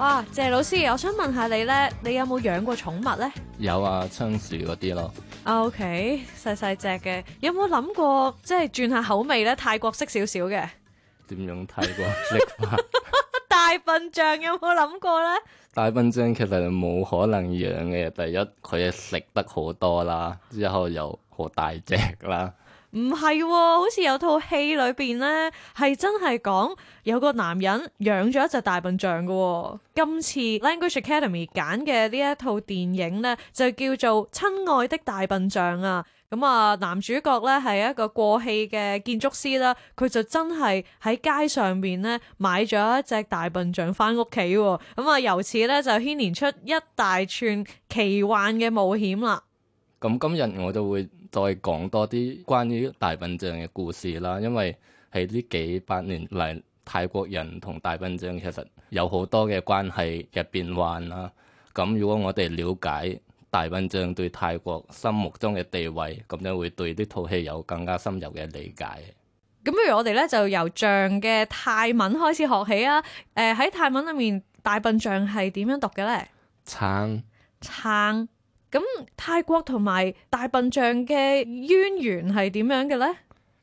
哇，謝老師，我想問下你呢，你有冇養過寵物呢？有啊，倉鼠嗰啲咯。OK，細細隻嘅，有冇諗過即係轉下口味呢，泰國式少少嘅。點樣泰國式？ 大笨象有冇諗過呢？大笨象其實冇可能養嘅，第一佢食得好多啦，之後又好大隻啦。唔係、哦，好似有套戲裏邊咧，係真係講有個男人養咗一隻大笨象噶、哦。今次 Language Academy 揀嘅呢一套電影咧，就叫做《親愛的大笨象》啊。咁、嗯、啊，男主角咧係一個過氣嘅建築師啦，佢就真係喺街上邊咧買咗一隻大笨象翻屋企。咁、嗯、啊，由此咧就牽連出一大串奇幻嘅冒險啦。咁今日我就會。再講多啲關於大笨象嘅故事啦，因為喺呢幾百年嚟，泰國人同大笨象其實有好多嘅關係嘅變幻啦。咁如果我哋了解大笨象對泰國心目中嘅地位，咁樣會對呢套戲有更加深入嘅理解。咁不如我哋咧就由象嘅泰文開始學起啊！誒、呃、喺泰文裏面，大笨象係點樣讀嘅咧？撐撐橙。咁泰國同埋大笨象嘅淵源係點樣嘅咧？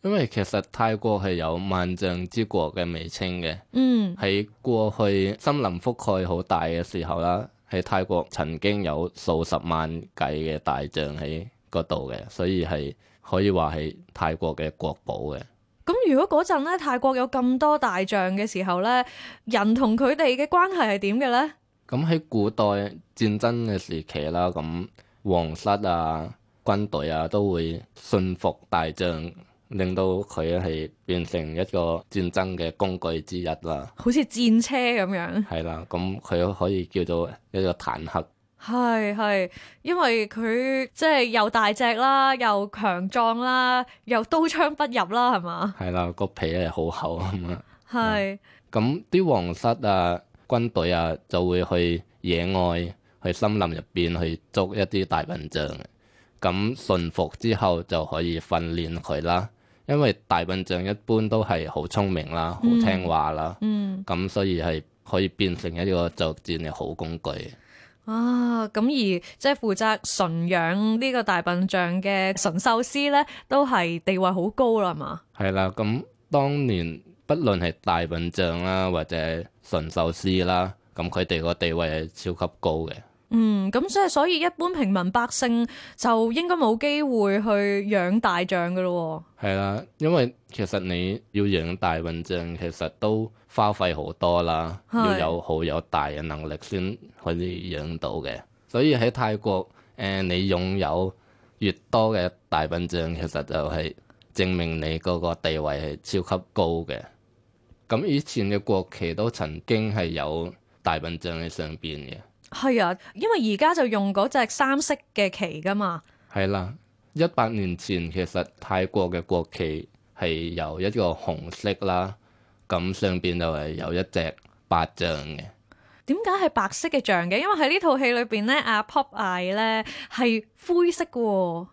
因為其實泰國係有萬象之國嘅美稱嘅，嗯，喺過去森林覆蓋好大嘅時候啦，喺泰國曾經有數十萬計嘅大象喺嗰度嘅，所以係可以話係泰國嘅國寶嘅。咁如果嗰陣咧，泰國有咁多大象嘅時候咧，人同佢哋嘅關係係點嘅咧？咁喺古代戰爭嘅時期啦，咁。皇室啊，軍隊啊，都會信服大將，令到佢係變成一個戰爭嘅工具之一啦。好似戰車咁樣。係啦，咁佢可以叫做一個坦克。係係，因為佢即係又大隻啦，又強壯啦，又刀槍不入啦，係嘛？係啦，個皮係好厚啊。係。咁啲的皇室啊，軍隊啊，就會去野外。去森林入邊去捉一啲大笨象，咁馴服之後就可以訓練佢啦。因為大笨象一般都係好聰明啦，嗯、好聽話啦，咁、嗯、所以係可以變成一個作戰嘅好工具。啊，咁而即係負責馴養呢個大笨象嘅馴獸師咧，都係地位好高啦，係嘛？係啦，咁當年不論係大笨象啦，或者係馴獸師啦。咁佢哋個地位係超級高嘅。嗯，咁即係所以一般平民百姓就應該冇機會去養大象㗎咯、哦。係啦、啊，因為其實你要養大笨象，其實都花費好多啦，是要有好有大嘅能力先可以養到嘅。所以喺泰國，誒、呃、你擁有越多嘅大笨象，其實就係證明你嗰個地位係超級高嘅。咁以前嘅國旗都曾經係有。大笨象喺上邊嘅，係啊，因為而家就用嗰隻三色嘅旗㗎嘛。係啦，一百年前其實泰國嘅國旗係由一個紅色啦，咁上邊就係有一隻白象嘅。點解係白色嘅象嘅？因為喺、啊、呢套戲裏邊咧，阿 Pop 矮咧係灰色嘅、啊。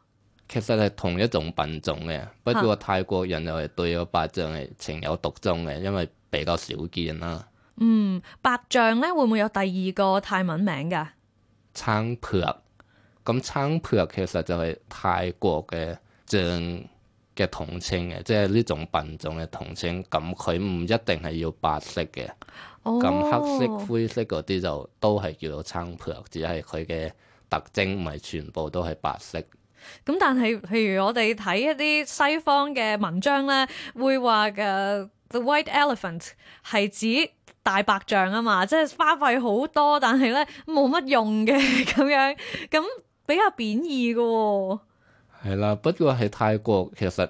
其實係同一種品種嘅，不過泰國人又係對個白象係情有獨鍾嘅，因為比較少見啦。嗯，白象咧會唔會有第二個泰文名噶？Chang Phueak 咁，Chang Phueak 其實就係泰國嘅象嘅統稱嘅，即係呢種品種嘅統稱。咁佢唔一定係要白色嘅，咁黑色、灰色嗰啲就都係叫做 Chang Phueak，只係佢嘅特徵唔係全部都係白色。咁、嗯、但係，譬如我哋睇一啲西方嘅文章咧，會話嘅 The White Elephant 係指。大白象啊嘛，即係花費好多，但係咧冇乜用嘅咁樣，咁比較貶義嘅、哦。係啦，不過喺泰國其實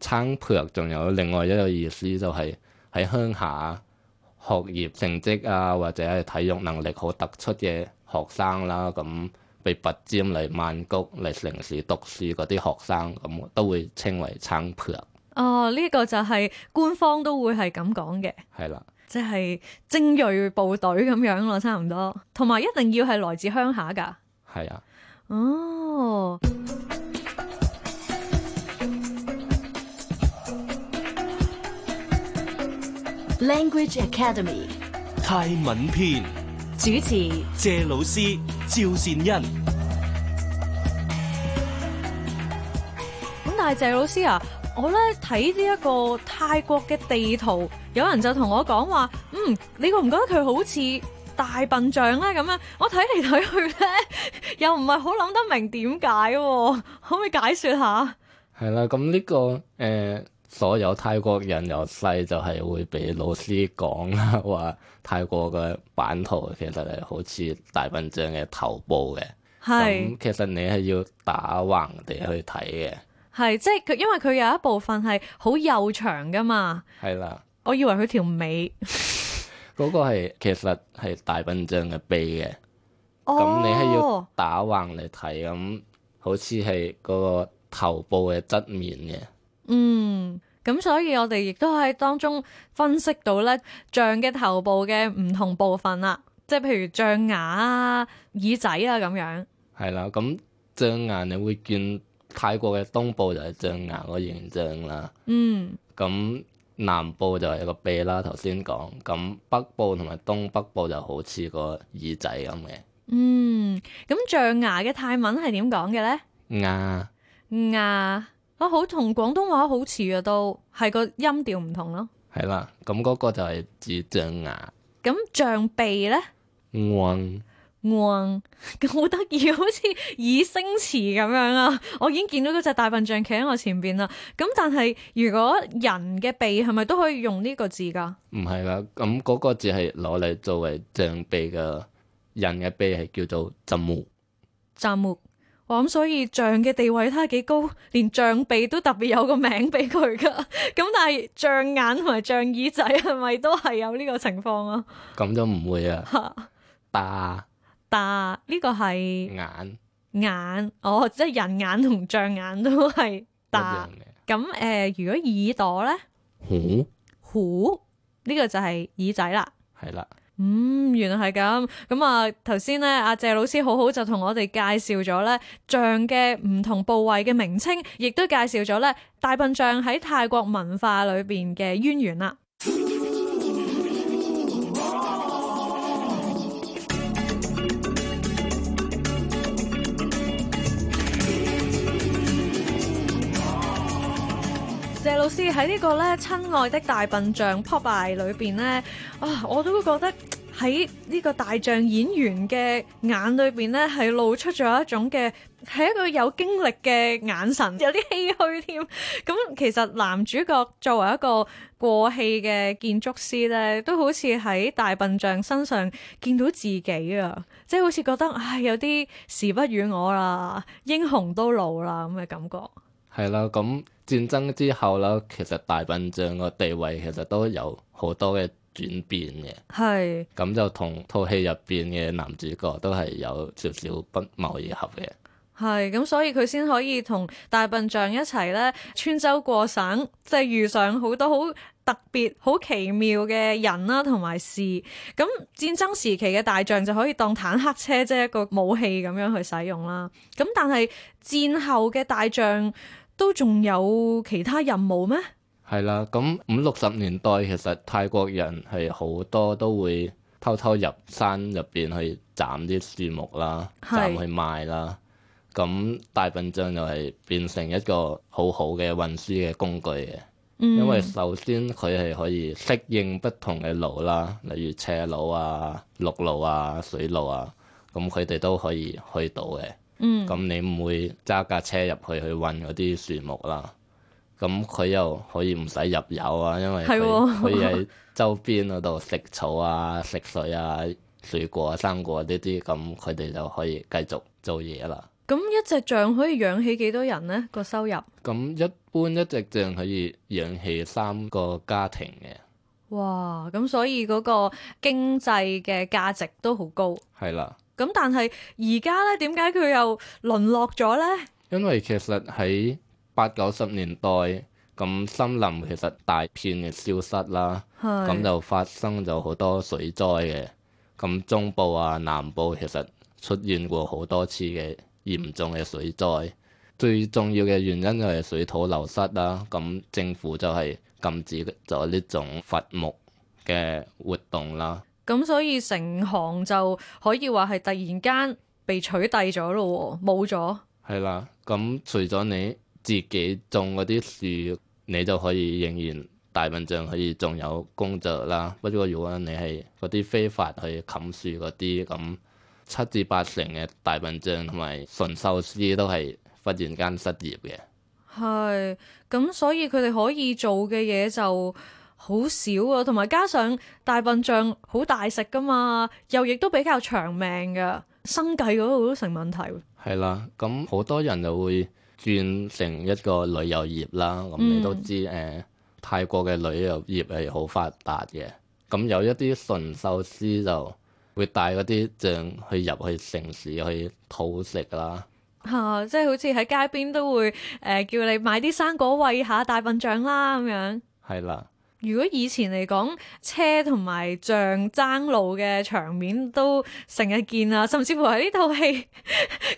參培仲有另外一個意思、就係，就係喺鄉下學業成績啊，或者係體育能力好突出嘅學生啦，咁被拔尖嚟曼谷嚟城市讀書嗰啲學生咁都會稱為參培。哦，呢、這個就係官方都會係咁講嘅。係啦。即係精銳部隊咁樣咯，差唔多。同埋一定要係來自鄉下噶。係啊。哦。Language Academy。泰文篇。主持：謝老師，趙善恩。咁但係謝老師啊。我咧睇呢一個泰國嘅地圖，有人就同我講話，嗯，你覺唔覺得佢好似大笨象咧咁樣？我睇嚟睇去咧，又唔係好諗得明點解？可唔可以解說下？係啦，咁呢、這個誒、呃，所有泰國人由細就係會俾老師講啦，話 泰國嘅版圖其實係好似大笨象嘅頭部嘅，咁是其實你係要打橫地去睇嘅。係，即係佢，因為佢有一部分係好幼長噶嘛。係啦的，我以為佢條尾。嗰 個係其實係大笨象嘅鼻嘅，咁、哦、你係要打橫嚟睇，咁好似係嗰個頭部嘅側面嘅。嗯，咁所以我哋亦都喺當中分析到咧象嘅頭部嘅唔同部分啦，即係譬如象牙啊、耳仔啊咁樣。係啦，咁象牙你會見。泰國嘅東部就係象牙個形象啦，嗯，咁南部就係個鼻啦，頭先講，咁北部同埋東北部就好似個耳仔咁嘅，嗯，咁象牙嘅泰文係點講嘅咧？牙牙，我、啊、好同廣東話好似啊，都係個音調唔同咯，係啦，咁嗰個就係指象牙，咁象鼻咧？王、嗯哇，咁好得意，好似以星馳咁樣啊！我已經見到嗰隻大笨象企喺我前邊啦。咁但係如果人嘅鼻係咪都可以用呢個字噶？唔係啦，咁嗰個字係攞嚟作為象鼻嘅人嘅鼻係叫做浸木浸木。我諗所以象嘅地位睇下幾高，連象鼻都特別有個名俾佢噶。咁但係象眼同埋象耳仔係咪都係有呢個情況啊？咁都唔會啊。八哈。爸大呢、呢個係眼眼哦，即係人眼同象眼都係大。咁誒、呃，如果耳朵咧？虎虎呢、呢個就係耳仔啦。係啦的。嗯，原來係咁。咁、嗯、啊，頭先咧，阿謝老師好好就同我哋介紹咗咧象嘅唔同部位嘅名稱，亦都介紹咗咧大笨象喺泰國文化裏邊嘅淵源啦。喺呢個咧，親愛的大笨象 Pop Aye 裏邊咧，啊，我都覺得喺呢個大象演員嘅眼裏邊咧，係露出咗一種嘅，係一個有經歷嘅眼神，有啲唏噓添。咁、嗯、其實男主角作為一個過氣嘅建築師呢，都好似喺大笨象身上見到自己啊，即係好似覺得唉、哎，有啲時不與我啦，英雄都老啦，咁嘅感覺。係啦，咁戰爭之後啦，其實大笨象個地位其實都有好多嘅轉變嘅。係。咁就同套戲入邊嘅男主角都係有少少不謀而合嘅。係咁，所以佢先可以同大笨象一齊咧穿州過省，即係遇上好多好特別、好奇妙嘅人啦，同埋事。咁戰爭時期嘅大象就可以當坦克車，即係一個武器咁樣去使用啦。咁但係戰後嘅大象。都仲有其他任務咩？係啦，咁五六十年代其實泰國人係好多都會偷偷入山入面去斬啲樹木啦，斬去賣啦。咁是大笨象又係變成一個好好嘅運輸嘅工具嘅，嗯、因為首先佢係可以適應不同嘅路啦，例如斜路啊、陸路啊、水路啊，咁佢哋都可以去到嘅。嗯，咁你唔會揸架車入去去運嗰啲樹木啦，咁佢又可以唔使入油啊，因為佢可以喺周邊嗰度食草啊、食水啊、水果啊、生果啊呢啲，咁佢哋就可以繼續做嘢啦。咁一隻象可以養起幾多人呢？個收入？咁一般一隻象可以養起三個家庭嘅。哇，咁所以嗰個經濟嘅價值都好高。係啦。咁但係而家咧，點解佢又淪落咗呢？因為其實喺八九十年代，咁森林其實大片嘅消失啦，咁是就發生咗好多水災嘅。咁中部啊，南部其實出現過好多次嘅嚴重嘅水災。最重要嘅原因就係水土流失啦。咁政府就係禁止咗呢種伐木嘅活動啦。咁所以成行就可以話係突然間被取締咗咯，冇咗。係啦，咁除咗你自己種嗰啲樹，你就可以仍然大笨象可以仲有工作啦。不過如果你係嗰啲非法去冚樹嗰啲，咁七至八成嘅大笨象同埋馴獸師都係忽然間失業嘅。係，咁所以佢哋可以做嘅嘢就。好少啊，同埋加上大笨象好大食㗎嘛，又亦都比較長命㗎，生計嗰度都成問題，啊。係啦，啊，咁好多人就會轉成一個旅遊業啦。咁，嗯、你都知誒，呃，泰國嘅旅遊業係好發達嘅。咁有一啲馴獸師就會帶嗰啲象去入去城市去討食啦。吓，啊，即係好似喺街邊都會誒，呃、叫你買啲生果喂下大笨象啦，咁樣，係啦。如果以前嚟講，車同埋象爭路嘅場面都成日見啊，甚至乎喺呢套戲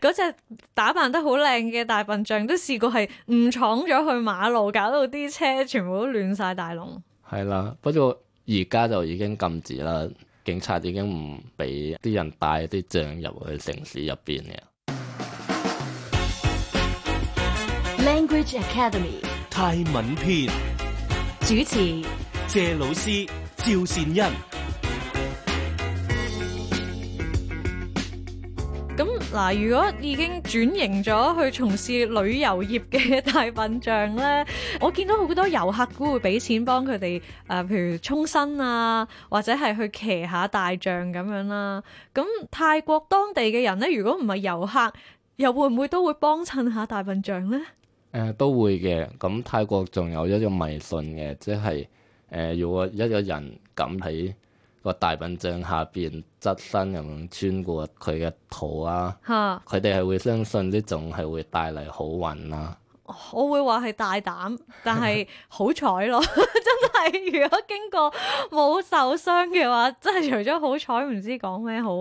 嗰隻打扮得好靚嘅大笨象，都試過係誤闖咗去馬路，搞到啲車全部都亂晒大龍。係啦，不過而家就已經禁止啦，警察已經唔俾啲人帶啲象入去城市入邊嘅。Language Academy 泰文篇。主持謝老師，趙善恩。咁嗱，如果已經轉型咗去從事旅遊業嘅大笨象呢，我見到好多遊客都會俾錢幫佢哋，誒、呃，譬如沖身啊，或者係去騎下大象咁樣啦。咁泰國當地嘅人呢，如果唔係遊客，又會唔會都會幫襯下大笨象呢？誒、呃、都會嘅，咁、嗯、泰國仲有一個迷信嘅，即係誒、呃、如果一個人敢喺個大笨象下邊側身咁穿過佢嘅肚啊，佢哋係會相信呢種係會帶嚟好運啊。我會話係大膽，但係好彩咯， 真係。如果經過冇受傷嘅話，真係除咗好彩，哦，唔知講咩好。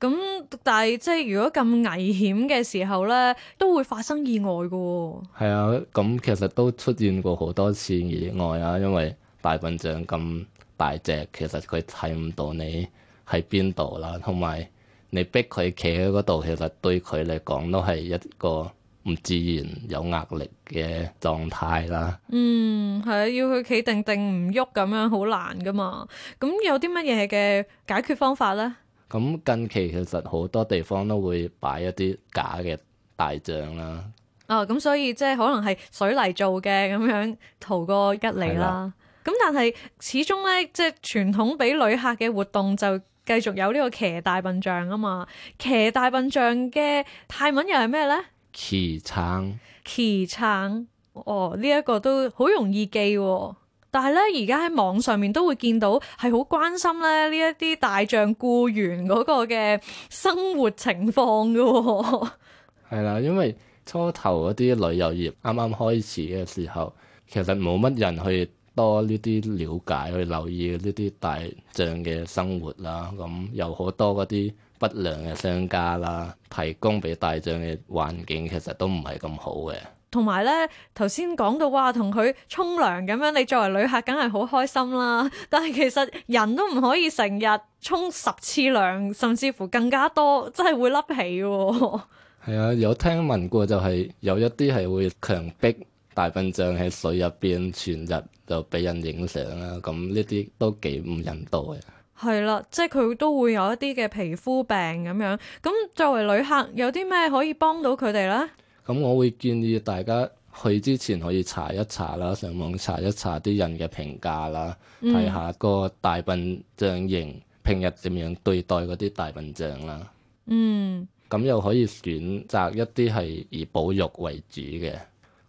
咁但係即係如果咁危險嘅時候咧，都會發生意外噶，哦。係啊，咁其實都出現過好多次意外啊，因為大笨象咁大隻，其實佢睇唔到你喺邊度啦，同埋你逼佢企喺嗰度，其實對佢嚟講都係一個。唔自然有壓力嘅狀態啦。嗯，係啊，要佢企定定唔喐咁樣，好難噶嘛。咁有啲乜嘢嘅解決方法咧？咁近期其實好多地方都會擺一啲假嘅大象啦。哦，咁所以即係可能係水泥做嘅咁樣逃過一嚟啦。咁的但係始終咧，即係傳統俾旅客嘅活動就繼續有呢個騎大笨象啊嘛。騎大笨象嘅泰文又係咩咧？奇撐，奇撐哦，呢、這、一個都好容易記、哦，但係咧，而家喺網上面都會見到係好關心咧呢一啲大象雇員嗰個嘅生活情況噶、哦，係啦，因為初頭嗰啲旅遊業啱啱開始嘅時候，其實冇乜人去多呢啲了解，去留意呢啲大象嘅生活啦，咁有好多嗰啲。不良嘅商家啦，提供俾大象嘅環境其實都唔係咁好嘅。同埋呢，頭先講到話同佢沖涼咁樣，你作為旅客梗係好開心啦。但係其實人都唔可以成日沖十次涼，甚至乎更加多，真係會甩皮嘅。係啊，有聽聞過就係有一啲係會強迫大笨象喺水入邊全日就俾人影相啦。咁呢啲都幾唔人道嘅。係啦，即係佢都會有一啲嘅皮膚病咁樣。咁作為旅客，有啲咩可以幫到佢哋咧？咁我會建議大家去之前可以查一查啦，上網查一查啲人嘅評價啦，睇、嗯、下個大笨象型平日點樣對待嗰啲大笨象啦。嗯。咁又可以選擇一啲係以保育為主嘅。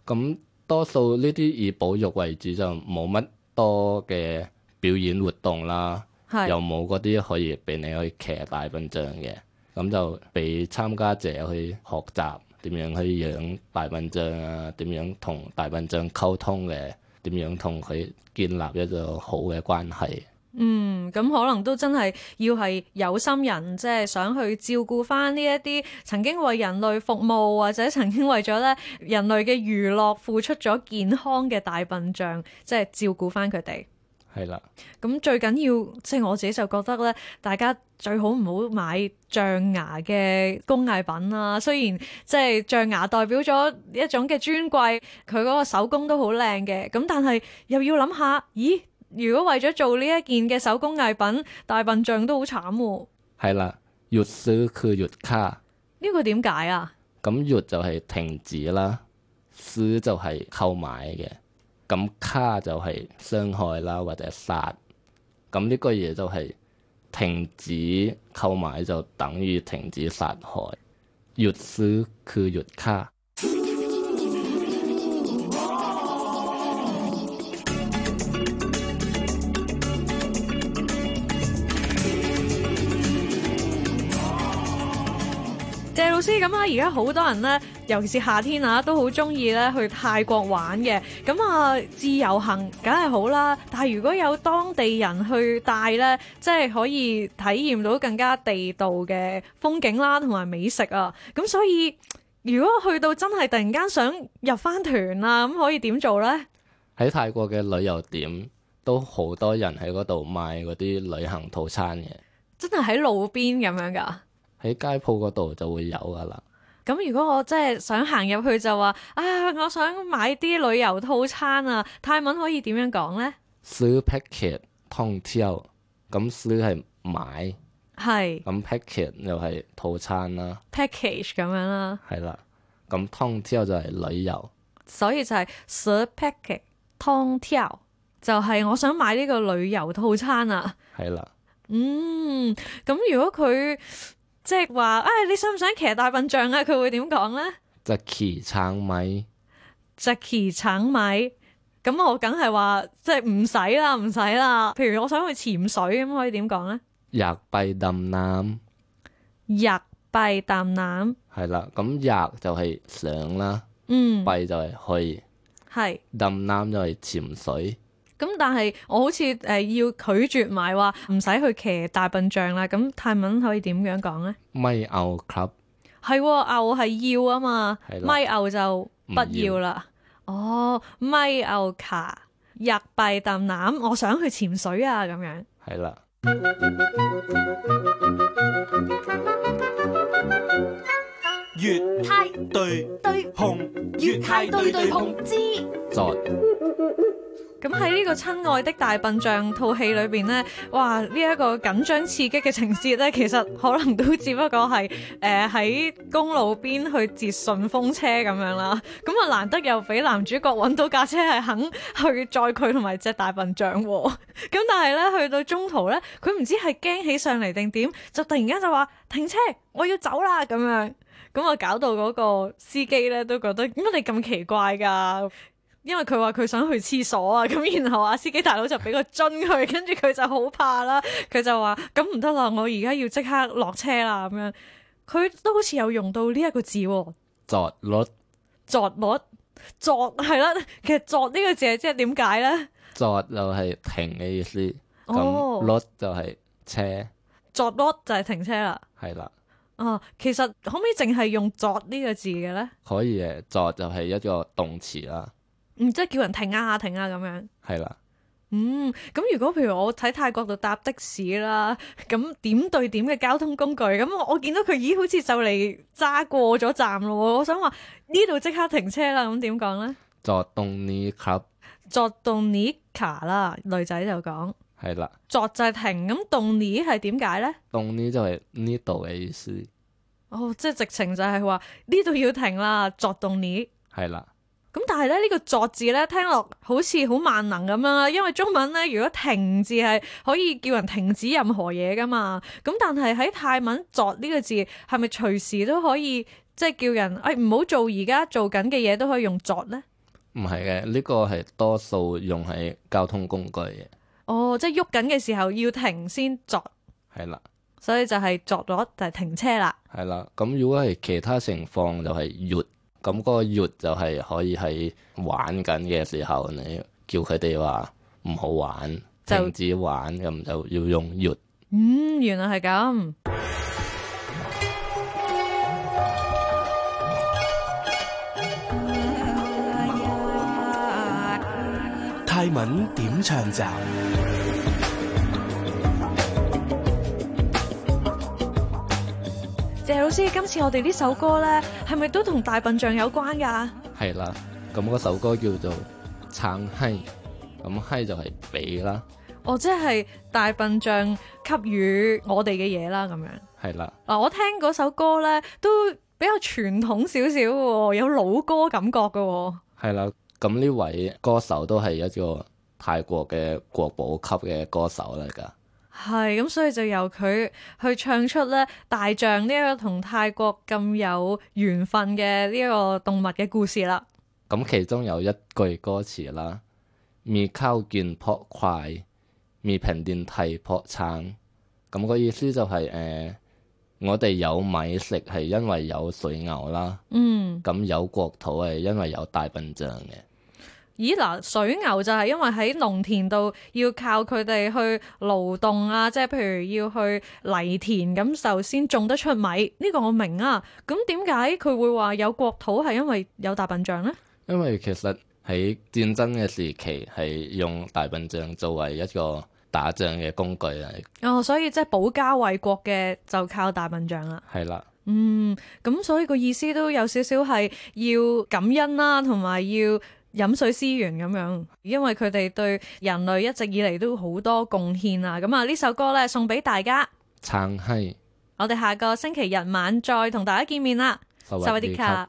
咁多數呢啲以保育為主就冇乜多嘅表演活動啦。係又冇嗰啲可以俾你去騎大笨象嘅，咁就俾參加者去學習點樣去養大笨象啊，點樣同大笨象溝通嘅，點樣同佢建立一個好嘅關係。嗯，咁可能都真係要係有心人，即係想去照顧翻呢一啲曾經為人類服務或者曾經為咗咧人類嘅娛樂付出咗健康嘅大笨象，即係照顧翻佢哋。係啦，咁 最緊要即係我自己就覺得咧，大家最好唔好買象牙嘅工藝品啦。雖然即係象牙代表咗一種嘅尊貴，佢嗰個手工都好靚嘅，咁但係又要諗下，咦？如果為咗做呢一件嘅手工藝品，大笨象都好慘喎。係啦，越少佢越卡。呢個點解啊？咁越就係停止啦，少就係購買嘅。咁卡就係傷害啦，或者殺。咁呢個嘢就係停止購買，就等於停止殺害。越輸佢越卡。 咁啊，而家好多人咧，尤其是夏天啊，都好中意咧去泰國玩嘅。咁啊，自由行梗係好啦，但係如果有當地人去帶咧，即係可以體驗到更加地道嘅風景啦，同埋美食啊。咁所以，如果去到真係突然間想入翻團啦，咁可以點做咧？喺泰國嘅旅遊點都好多人喺嗰度賣嗰啲旅行套餐嘅，真係喺路邊咁樣噶。喺街鋪嗰度就會有噶啦。咁、嗯、如果我真係想行入去就話，啊，我想買啲旅遊套餐啊，泰文可以點樣講咧？sur package tour 咁 sur 係買，係是，咁 package 又係套餐啦、啊。package 咁樣啦、啊。係啦，咁、嗯、tour 就係旅遊。所以就係 sur package tour 就係、是、我想買呢個旅遊套餐啊。係啦了、嗯。嗯，咁、嗯嗯、如果佢。即係話，誒、哎，你想唔想騎大笨象啊？佢會點講咧？Jacky 橙米，Jacky 橙米，咁我梗係話即係唔使啦，唔使啦。譬如我想去潛水，咁可以點講咧？日閉淡腩，日閉淡腩，係啦。咁日就係想啦，嗯，閉就係去，係，淡腩就係潛水。咁但係我好似誒、呃、要拒絕埋話唔使去騎大笨象啦，咁泰文可以點樣講咧？咪牛 club 係牛係要啊嘛，咪牛就不要啦。要哦，咪牛卡日幣啖攬，我想去潛水啊咁樣。係啦。粵泰對對碰，粵泰對對碰，知在。咁喺呢個親愛的大笨象套戲裏邊呢，哇！呢，呢一個緊張刺激嘅情節呢，其實可能都只不過係誒喺公路邊去截順風車咁樣啦。咁啊難得又俾男主角揾到架車係肯去載佢同埋隻大笨象。咁 但係呢，去到中途呢，佢唔知係驚起上嚟定點，就突然間就話停車，我要走啦咁樣。咁啊搞到嗰個司機呢，都覺得，乜你咁奇怪噶？因為佢話佢想去廁所啊，咁然後阿司機大佬就俾個樽佢，跟住佢就好怕啦。佢就話：咁唔得啦，我而家要即刻落車啦。咁樣佢都好似有用到呢一個字、哦。作落作落作係啦，其實作呢個字即係點解咧？作就係停嘅意思，咁落就係車。作落、哦、就係停車啦。係啦了。哦、啊，其實可唔可以淨係用作呢個字嘅咧？可以嘅，作就係一個動詞啦。唔、嗯，即係叫人停啊，停啊，咁樣。係啦。嗯，咁如果譬如我喺泰國度搭的士啦，咁點對點嘅交通工具，咁我我見到佢，咦，好似就嚟揸過咗站咯，我想話呢度即刻停車啦，咁點講咧？作 doni 卡，作 doni 卡啦，女仔就講。係啦。作就停，咁 doni 係點解咧？doni 就係呢度嘅意思。哦，即係直情就係話呢度要停啦，作 doni。係啦。咁但係咧呢個作字咧聽落好似好萬能咁樣啦，因為中文咧如果停字係可以叫人停止任何嘢噶嘛，咁但係喺泰文作呢個字係咪隨時都可以即係叫人誒，唔好做而家做緊嘅嘢都可以用作呢？唔係嘅，呢個係多數用喺交通工具嘅。哦，即係喐緊嘅時候要停先作。係啦，所以就係作咗就係停車啦。係啦，咁如果係其他情況就係越。咁嗰、那個月就係、是、可以喺玩緊嘅時候，你叫佢哋話唔好玩，就停止玩，咁就要用月。嗯，原來係咁。 泰文點唱集？謝老師，今次我哋呢首歌呢，係咪都同大笨象有關㗎？係啦，咁嗰首歌叫做《撐嗨》，咁、嗯、嗨、就係」就係比啦。哦，即係大笨象給予我哋嘅嘢啦，咁樣。係啦的，嗱、啊，我聽嗰首歌呢，都比較傳統少少嘅，有老歌感覺嘅。係啦，咁呢位歌手都係一個泰國嘅國寶級嘅歌手嚟噶。係咁，所以就由佢去唱出咧大象呢一個同泰國咁有緣分嘅呢一個動物嘅故事啦。咁其中有一句歌詞啦，未靠健破快，未平電梯破撐。咁個意思就係誒，我哋有米食係因為有水牛啦，嗯，咁有國土係因為有大笨象嘅。咦嗱，水牛就係因為喺農田度要靠佢哋去勞動啊，即係譬如要去犁田咁，首先種得出米呢個我明啊。咁點解佢會話有國土係因為有大笨象呢？因為其實喺戰爭嘅時期係用大笨象作為一個打仗嘅工具嚟啊。哦，所以即係保家衛國嘅就靠大笨象啦。係啦，嗯咁，所以個意思都有少少係要感恩啦，同埋要，飲水思源咁樣，因為佢哋對人類一直以嚟都好多貢獻啊！咁啊，呢首歌呢，送俾大家。撐氣西，我哋下個星期日晚再同大家見面啦。收尾沙瓦